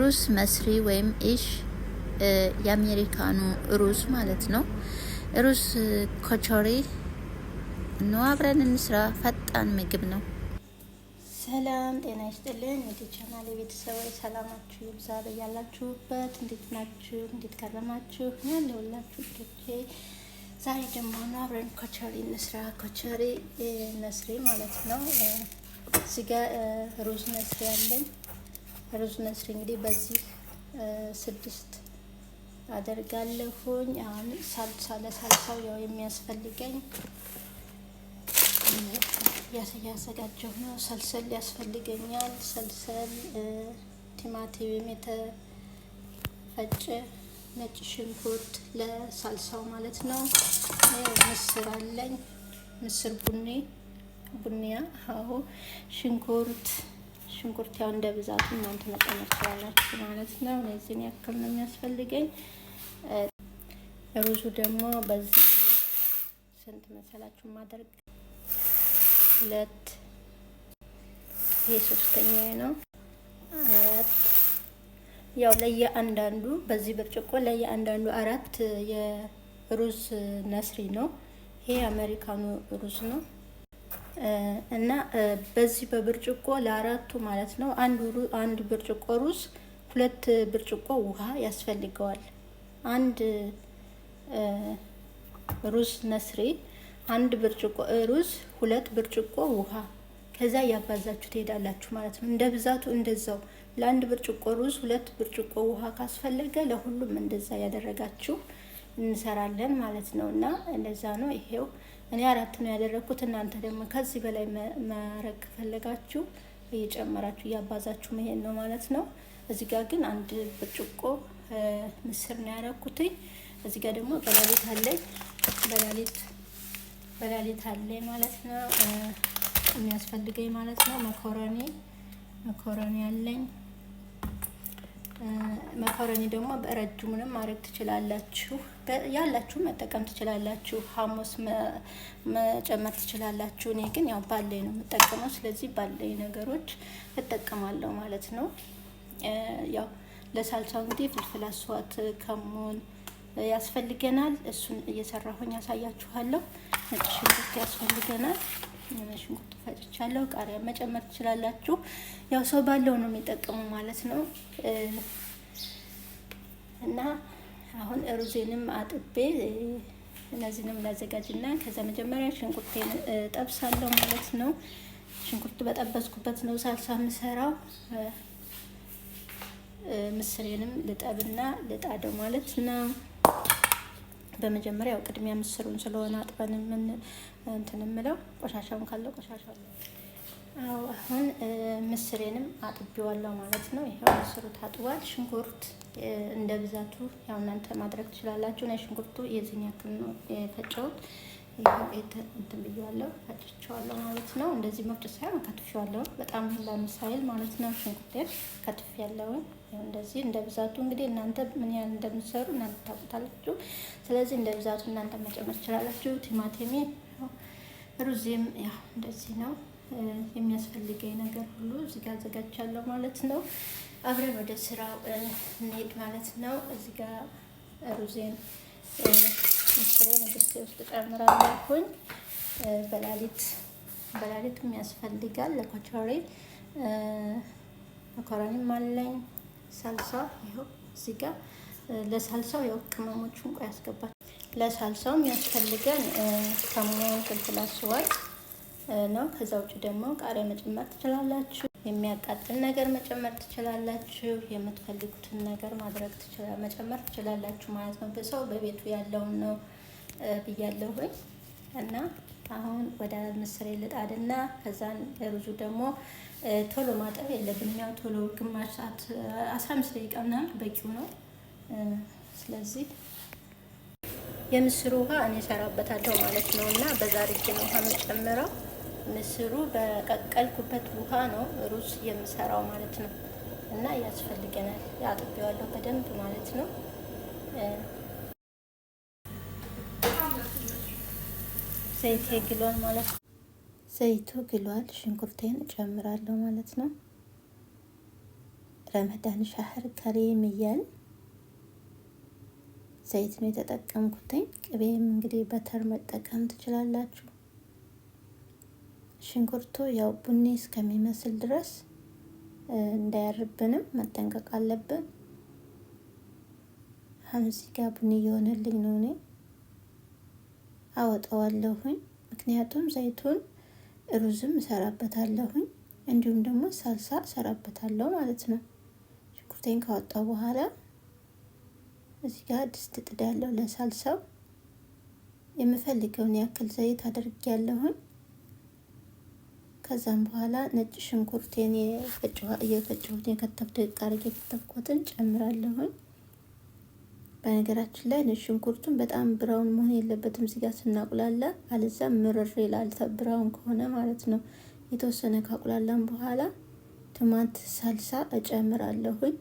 ሩስ መስሪ ወይም ኢሽ የአሜሪካኑ ሩስ ማለት ነው። ሩስ ኮቾሪ ነው። አብረን እንስራ። ፈጣን ምግብ ነው። ሰላም ጤና ይስጥልን። እንዴት ቻናል የቤተሰቦች ሰላማችሁ ይብዛ በያላችሁበት። እንዴት ናችሁ? እንዴት ከረማችሁ? ያለውላችሁ ቶቼ ዛሬ ደግሞ ነው አብረን ኮቾሪ እንስራ። ኮቾሪ መስሪ ማለት ነው። እዚህ ጋ ሩዝ መስሪ አለኝ ሩዙን እስሪ እንግዲህ በዚህ ስድስት አደርጋለሁኝ። አሁን ሳልሳ ለሳልሳው ያው የሚያስፈልገኝ እያዘጋጀሁ ነው። ሰልሰል ያስፈልገኛል። ሰልሰል፣ ቲማቲም የተፈጨ ነጭ ሽንኩርት ለሳልሳው ማለት ነው። ምስር አለኝ ምስር ቡኒ ቡኒያ፣ አዎ ሽንኩርት ሽንኩርት ያው እንደ ብዛቱ እናንተ መጨመር ትችላላችሁ ማለት ነው። እነዚህን ያክል ነው የሚያስፈልገኝ። ሩዙ ደግሞ በዚህ ስንት መሰላችሁ ማድረግ ሁለት፣ ይሄ ሶስተኛ ነው አራት ያው ለየአንዳንዱ በዚህ ብርጭቆ ለየአንዳንዱ አራት የሩዝ ነስሪ ነው። ይሄ አሜሪካኑ ሩዝ ነው። እና በዚህ በብርጭቆ ለአራቱ ማለት ነው አንድ ብርጭቆ ሩዝ ሁለት ብርጭቆ ውሃ ያስፈልገዋል። አንድ ሩዝ ነስሪ አንድ ብርጭቆ ሩዝ ሁለት ብርጭቆ ውሃ ከዛ ያባዛችሁ ትሄዳላችሁ ማለት ነው። እንደ ብዛቱ እንደዛው ለአንድ ብርጭቆ ሩዝ ሁለት ብርጭቆ ውሃ ካስፈለገ ለሁሉም እንደዛ ያደረጋችሁ እንሰራለን ማለት ነው። እና እንደዛ ነው። ይሄው እኔ አራት ነው ያደረግኩት። እናንተ ደግሞ ከዚህ በላይ መረቅ ከፈለጋችሁ እየጨመራችሁ እያባዛችሁ መሄድ ነው ማለት ነው። እዚህ ጋር ግን አንድ ብርጭቆ ምስር ነው ያደረኩትኝ። እዚህ ጋር ደግሞ በላሌት አለኝ። በላሌት በላሌት አለ ማለት ነው የሚያስፈልገኝ ማለት ነው። መኮረኒ መኮረኒ አለኝ። መኮረኒ ደግሞ በረጅሙንም ማድረግ ትችላላችሁ። ያላችሁ መጠቀም ትችላላችሁ። ሐሞስ መጨመር ትችላላችሁ። እኔ ግን ያው ባለኝ ነው የምጠቀመው። ስለዚህ ባለኝ ነገሮች እጠቀማለሁ ማለት ነው። ያው ለሳልሳው እንግዲህ ፍልፍል አስዋት ከሙን ያስፈልገናል። እሱን እየሰራሁኝ ያሳያችኋለሁ። ነጭ ሽንኩርት ያስፈልገናል። ሽንኩርት ፈጭቻለሁ። ቃሪያ መጨመር ትችላላችሁ። ያው ሰው ባለው ነው የሚጠቀሙ ማለት ነው እና አሁን ሩዜንም አጥቤ እነዚህንም ላዘጋጅና ከዛ መጀመሪያ ሽንኩርቴን ጠብሳለሁ ማለት ነው። ሽንኩርት በጠበስኩበት ነው ሳልሳ የምሰራው። ምስሬንም ልጠብና ልጣደው ማለት ነው። በመጀመሪያው ቅድሚያ ምስሩን ስለሆነ አጥበን ምን እንትን ምለው ቆሻሻውን ካለው ቆሻሻው አሁን ምስሬንም አጥቤዋለሁ ማለት ነው። ይሄው ምስሩ ታጥቧል። ሽንኩርት እንደ ብዛቱ ያው እናንተ ማድረግ ትችላላችሁ። ነው ሽንኩርቱ የዚህን ያክል ነው የፈጨሁት። ይሄው እንትን ብያለሁ፣ ፈጭቼዋለሁ ማለት ነው። እንደዚህ መፍጭ ሳይሆን ከትፌዋለሁ። በጣም ለአምስት ማለት ነው። ሽንኩርቴን ከትፌያለሁ። ይኸው እንደዚህ እንደ ብዛቱ እንግዲህ እናንተ ምን ያህል እንደምትሰሩ እናንተ ታውቁታላችሁ። ስለዚህ እንደ ብዛቱ እናንተ መጨመር ትችላላችሁ። ቲማቲሜ ሩዚም ያው እንደዚህ ነው። የሚያስፈልገኝ ነገር ሁሉ እዚህ ጋር አዘጋጅቻለሁ ማለት ነው። አብረን ወደ ስራው እንሄድ ማለት ነው። እዚህ ጋር ሩዜን ምስሬ ድስቴ ውስጥ ጨምራለሁኝ። በላሊት በላሊትም ያስፈልጋል ለኮቸሬ መኮረኒም አለኝ። ሳልሳ ይኸው እዚህ ጋር ለሳልሳው ያው ቅመሞቹን ቆይ ያስገባል። ለሳልሳውም ያስፈልገን ከሙያ ፍልፍል አስዋል ነው። ከዛ ውጭ ደግሞ ቃሪያ መጨመር ትችላላችሁ። የሚያቃጥል ነገር መጨመር ትችላላችሁ። የምትፈልጉትን ነገር ማድረግ መጨመር ትችላላችሁ ማለት ነው። በሰው በቤቱ ያለውን ነው ብያለሁኝ እና አሁን ወደ ምስር ልጣድና ከዛን ሩዙ ደግሞ ቶሎ ማጠብ የለብንም። ያው ቶሎ ግማሽ ሰዓት አስራ አምስት ደቂቃ ምናምን በቂው ነው። ስለዚህ የምስሩ ውሃ እኔ ሰራበታለሁ ማለት ነው እና በዛ ርጅን ውሃ መጨምረው ምስሩ በቀቀልኩበት ውሃ ነው ሩዝ የምሰራው ማለት ነው። እና ያስፈልገናል። አጥቤዋለሁ በደንብ ማለት ነው። ዘይቴ ግሏል ማለት ነው። ዘይቱ ግሏል። ሽንኩርቴን ጨምራለሁ ማለት ነው። ረመዳን ሻህር ከሬም እያል ዘይት ነው የተጠቀምኩትኝ። ቅቤም እንግዲህ በተር መጠቀም ትችላላችሁ። ሽንኩርቱ ያው ቡኒ እስከሚመስል ድረስ እንዳያርብንም መጠንቀቅ አለብን። እዚህ ጋር ቡኒ እየሆነልኝ ነው። እኔ አወጣዋለሁኝ፣ ምክንያቱም ዘይቱን ሩዝም እሰራበታለሁኝ እንዲሁም ደግሞ ሳልሳ እሰራበታለሁ ማለት ነው። ሽንኩርቴን ካወጣው በኋላ እዚህ ጋር ድስት ጥዳለሁ ለሳልሳው የምፈልገውን ያክል ዘይት አድርጌያለሁኝ። ከዛም በኋላ ነጭ ሽንኩርቴን እየፈጨሁት የከተፍኩት ቃሪያ የከተፍኩትን ጨምራለሁኝ። በነገራችን ላይ ነጭ ሽንኩርቱን በጣም ብራውን መሆን የለበትም ስጋ ስናቁላላ፣ አለዛ ምርር ይላል ብራውን ከሆነ ማለት ነው። የተወሰነ ካቁላላም በኋላ ቱማት ሳልሳ እጨምራለሁኝ።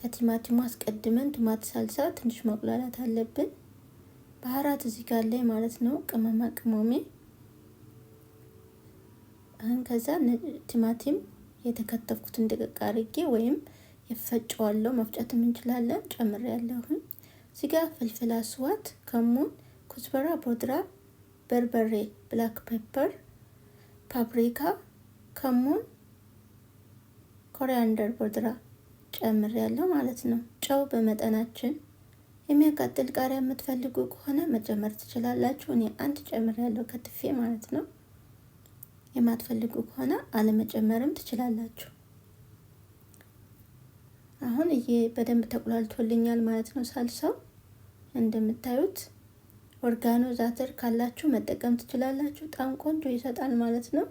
ከቲማቲሙ አስቀድመን ቱማት ሳልሳ ትንሽ መቁላላት አለብን። ባህራት እዚህ ጋር ላይ ማለት ነው ቅመማ ቅመሜ አሁን ከዛ ቲማቲም የተከተፍኩትን ድቅቅ አድርጌ ወይም የፈጨዋለሁ መፍጨትም እንችላለን ጨምር ያለሁኝ እዚጋ ፍልፍል አስዋት፣ ከሙን፣ ኩዝበራ፣ ቦድራ፣ በርበሬ፣ ብላክ ፔፐር፣ ፓፕሪካ፣ ከሙን፣ ኮሪያንደር፣ ቦድራ ጨምር ያለው ማለት ነው። ጨው በመጠናችን የሚያቃጥል ቃሪያ የምትፈልጉ ከሆነ መጨመር ትችላላችሁ። እኔ አንድ ጨምር ያለው ከትፌ ማለት ነው። የማትፈልጉ ከሆነ አለመጨመርም ትችላላችሁ። አሁን እየ በደንብ ተቁላልቶልኛል ማለት ነው ሳልሳው እንደምታዩት ኦርጋኖ ዛተር ካላችሁ መጠቀም ትችላላችሁ። በጣም ቆንጆ ይሰጣል ማለት ነው።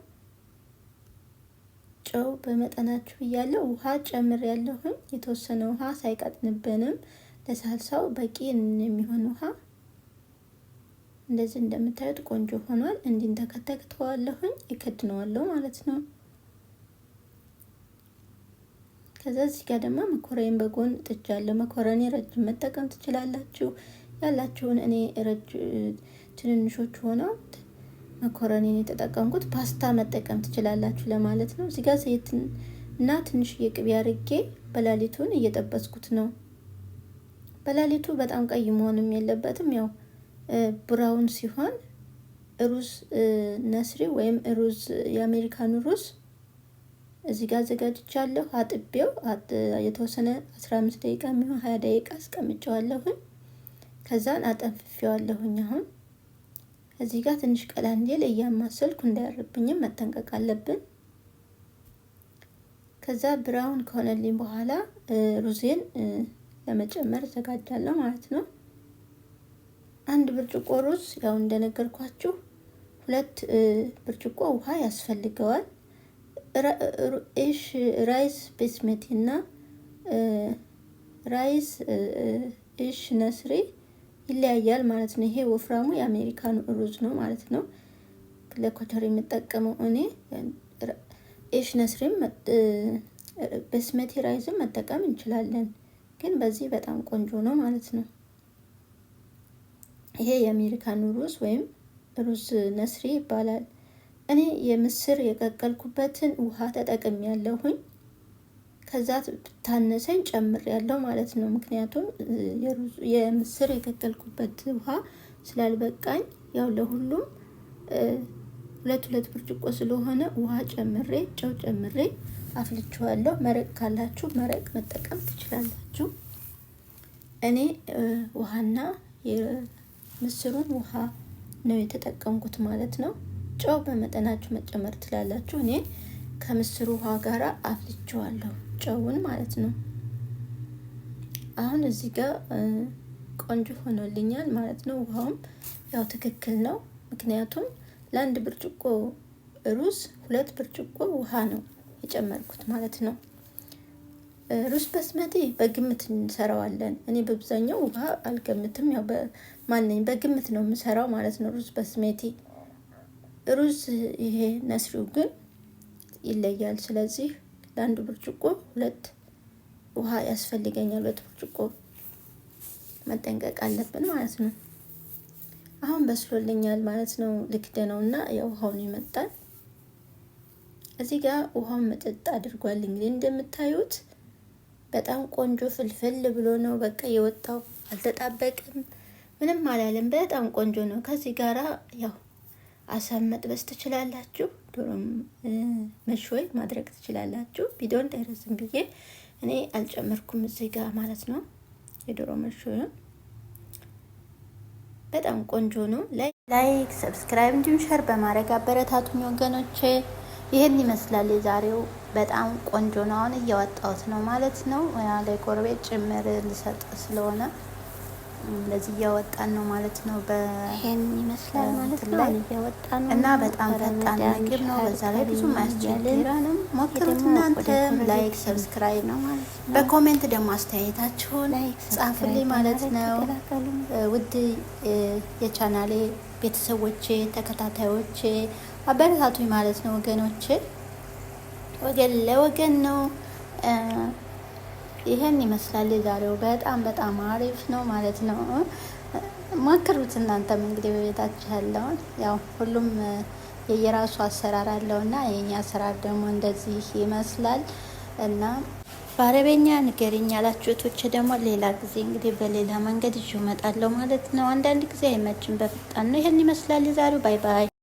ጨው በመጠናችሁ እያለው ውሃ ጨምር ያለሁኝ የተወሰነ ውሃ ሳይቀጥንብንም ለሳልሳው በቂ የሚሆን ውሃ እንደዚህ እንደምታዩት ቆንጆ ሆኗል። እንዲንተከተክተዋለሁኝ እከድነዋለሁ ማለት ነው። ከዛ እዚህ ጋር ደግሞ መኮረኒን በጎን ጥጃለሁ። መኮረኒ ረጅም መጠቀም ትችላላችሁ ያላችሁን። እኔ ትንንሾች ሆነው መኮረኒን የተጠቀምኩት ፓስታ መጠቀም ትችላላችሁ ለማለት ነው። እዚህ ጋር ዘይትን እና ትንሽዬ የቅቤ አርጌ በላሊቱን እየጠበስኩት ነው። በላሊቱ በጣም ቀይ መሆንም የለበትም ያው ብራውን ሲሆን ሩዝ ነስሪ ወይም ሩዝ የአሜሪካን ሩዝ እዚህ ጋር አዘጋጅቻለሁ። አጥቤው የተወሰነ 15 ደቂቃ የሚሆን 20 ደቂቃ አስቀምጨዋለሁኝ። ከዛን አጠንፍፌዋለሁኝ። አሁን እዚህ ጋር ትንሽ ቀላ እንዲል እያማሰልኩ እንዳያርብኝም መጠንቀቅ አለብን። ከዛ ብራውን ከሆነልኝ በኋላ ሩዜን ለመጨመር እዘጋጃለሁ ማለት ነው። አንድ ብርጭቆ ሩዝ ያው እንደነገርኳችሁ ሁለት ብርጭቆ ውሃ ያስፈልገዋል። ኤሽ ራይስ ቤስሜቲ እና ራይስ ኤሽ ነስሪ ይለያያል ማለት ነው። ይሄ ወፍራሙ የአሜሪካን ሩዝ ነው ማለት ነው። ለኮተር የምጠቀመው እኔ ኤሽ ነስሪም በስመቲ ራይዝም መጠቀም እንችላለን፣ ግን በዚህ በጣም ቆንጆ ነው ማለት ነው። ይሄ የአሜሪካን ሩዝ ወይም ሩዝ ነስሪ ይባላል። እኔ የምስር የቀቀልኩበትን ውሃ ተጠቅም ያለሁኝ ከዛ ታነሰኝ ጨምር ያለው ማለት ነው። ምክንያቱም የምስር የቀቀልኩበት ውሃ ስላልበቃኝ ያው ለሁሉም ሁለት ሁለት ብርጭቆ ስለሆነ ውሃ ጨምሬ ጨው ጨምሬ አፍልችዋለሁ። መረቅ ካላችሁ መረቅ መጠቀም ትችላላችሁ። እኔ ውሃና ምስሩን ውሃ ነው የተጠቀምኩት ማለት ነው። ጨው በመጠናችሁ መጨመር ትላላችሁ። እኔ ከምስሩ ውሃ ጋር አፍልቼዋለሁ ጨውን ማለት ነው። አሁን እዚህ ጋር ቆንጆ ሆኖልኛል ማለት ነው። ውሃውም ያው ትክክል ነው። ምክንያቱም ለአንድ ብርጭቆ ሩዝ ሁለት ብርጭቆ ውሃ ነው የጨመርኩት ማለት ነው። ሩዝ በስመቴ በግምት እንሰራዋለን። እኔ በአብዛኛው ውሃ አልገምትም ያው ማንኝ በግምት ነው የምሰራው ማለት ነው። ሩዝ በስሜቴ ሩዝ ይሄ ነስሪው ግን ይለያል። ስለዚህ ለአንድ ብርጭቆ ሁለት ውሃ ያስፈልገኛል። ሁለት ብርጭቆ መጠንቀቅ አለብን ማለት ነው። አሁን በስሎልኛል ማለት ነው። ልክደ ነው እና የውሃውን ይመጣል እዚህ ጋር ውሃውን መጠጥ አድርጓል። እንግዲህ እንደምታዩት በጣም ቆንጆ ፍልፍል ብሎ ነው በቃ የወጣው አልተጣበቅም። ምንም አላለም። በጣም ቆንጆ ነው። ከዚህ ጋራ ያው አሳብ መጥበስ ትችላላችሁ። ዶሮም መሾይ ማድረግ ትችላላችሁ። ቪዲዮ እንዳይረዝም ብዬ እኔ አልጨመርኩም እዚህ ጋር ማለት ነው። የዶሮ መሾይ በጣም ቆንጆ ነው። ላይክ፣ ሰብስክራይብ እንዲሁም ሸር በማድረግ አበረታቱኝ ወገኖቼ። ይህን ይመስላል የዛሬው በጣም ቆንጆ ነው። አሁን እያወጣሁት ነው ማለት ነው። ጎረቤት ጭምር ልሰጥ ስለሆነ እንደዚህ እያወጣን ነው ማለት ነው። ይሄን ይመስላል ማለት ነው። እያወጣን ነው እና በጣም ፈጣን ምግብ ነው። በዛ ላይ ብዙ አያስቸግረንም። ሞክሩት እናንተም። ላይክ ሰብስክራይብ ነው ማለት ነው። በኮሜንት ደግሞ አስተያየታችሁን ጻፍልኝ ማለት ነው። ውድ የቻናሌ ቤተሰቦቼ፣ ተከታታዮቼ አበረታቱኝ ማለት ነው። ወገኖቼ፣ ወገን ለወገን ነው። ይሄን ይመስላል የዛሬው። በጣም በጣም አሪፍ ነው ማለት ነው። ሞክሩት እናንተም እንግዲህ በቤታችሁ ያለውን ያው ሁሉም የየራሱ አሰራር አለውና የኛ አሰራር ደግሞ እንደዚህ ይመስላል እና በአረበኛ ንገሪኝ ያላችሁቶች ደግሞ ሌላ ጊዜ እንግዲህ በሌላ መንገድ ይዤ እመጣለሁ ማለት ነው። አንዳንድ ጊዜ አይመችም፣ በፍጣን ነው። ይህን ይመስላል የዛሬው። ባይ ባይ።